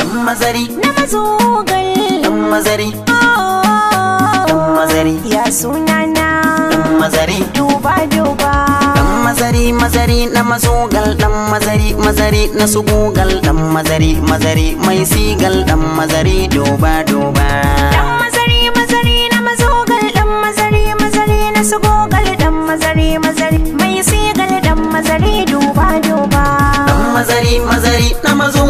dan mazari na mazogal dan mazari oh. dan mazari ya sunana dan mazari duba duba dan mazari mazari na mazogal dan mazari mazari na sugugal dan mazari mazari mai sigal dan mazari duba duba dan mazari mazari na mazogal dan mazari mazari na sugugal dan mazari mazari mai sigal dan mazari duba duba dan mazari mazari na mazogal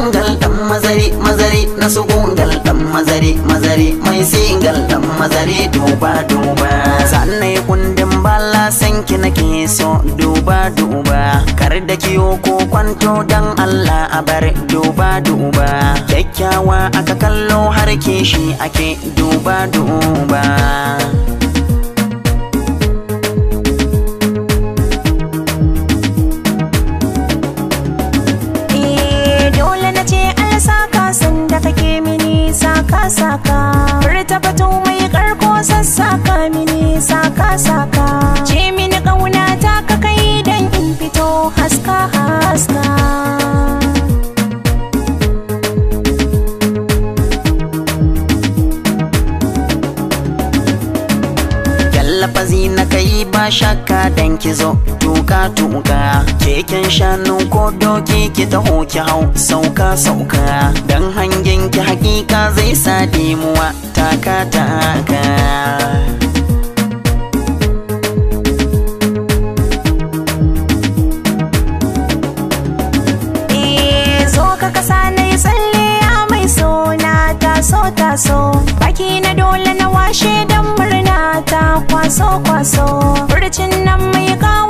na sugungal dan mazari mazari mai singal dan mazari duba duba sannan kundin bala sanki nake so duba duba kar da kiyo ko kwanto dan Allah a bar duba duba kyakkyawa aka kallo har kishi ake duba duba saka mini saka saka ce mini kauna ta ka kai dan in fito haska haska lafazi na kai ba shakka dan ki zo tuka tuka keken shanu ko doki ki taho ki hau sauka sauka dan hangen ki hakika zai sa demuwa taka taka so baki na dole na washe dan murna ta kwaso kwaso furcin nan mai kawo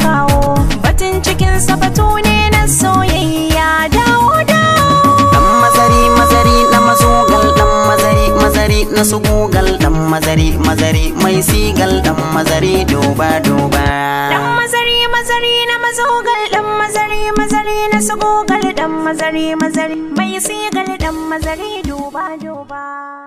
sa ne na soyayya dawo dawo dan mazari mazari na mazugal dan mazari mazari na sugugal dan mazari mazari mai sigal dan mazari duba-duba. dan mazari mazari na mazugal dan mazari mazari na sugugal dan mazari mazari mai sigal dan mazari duba-duba.